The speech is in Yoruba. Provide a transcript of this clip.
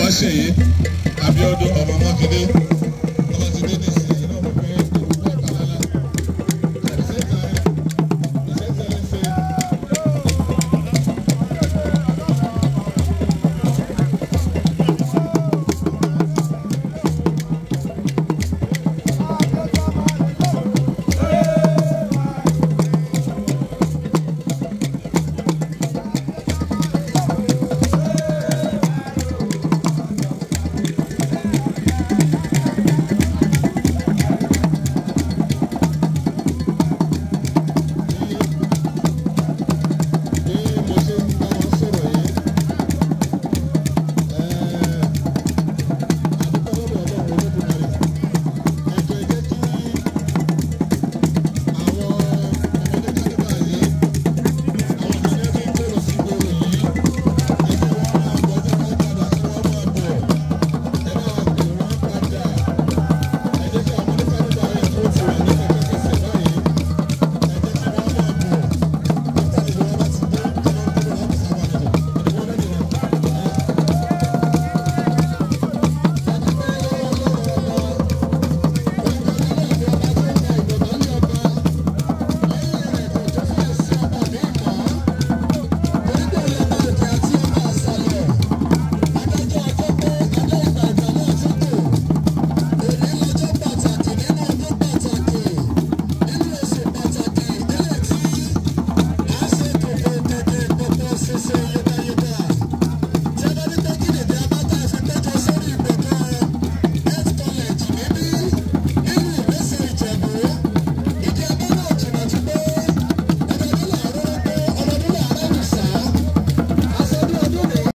wá ṣèyí Abíọ́dún ọmọ Mákindé.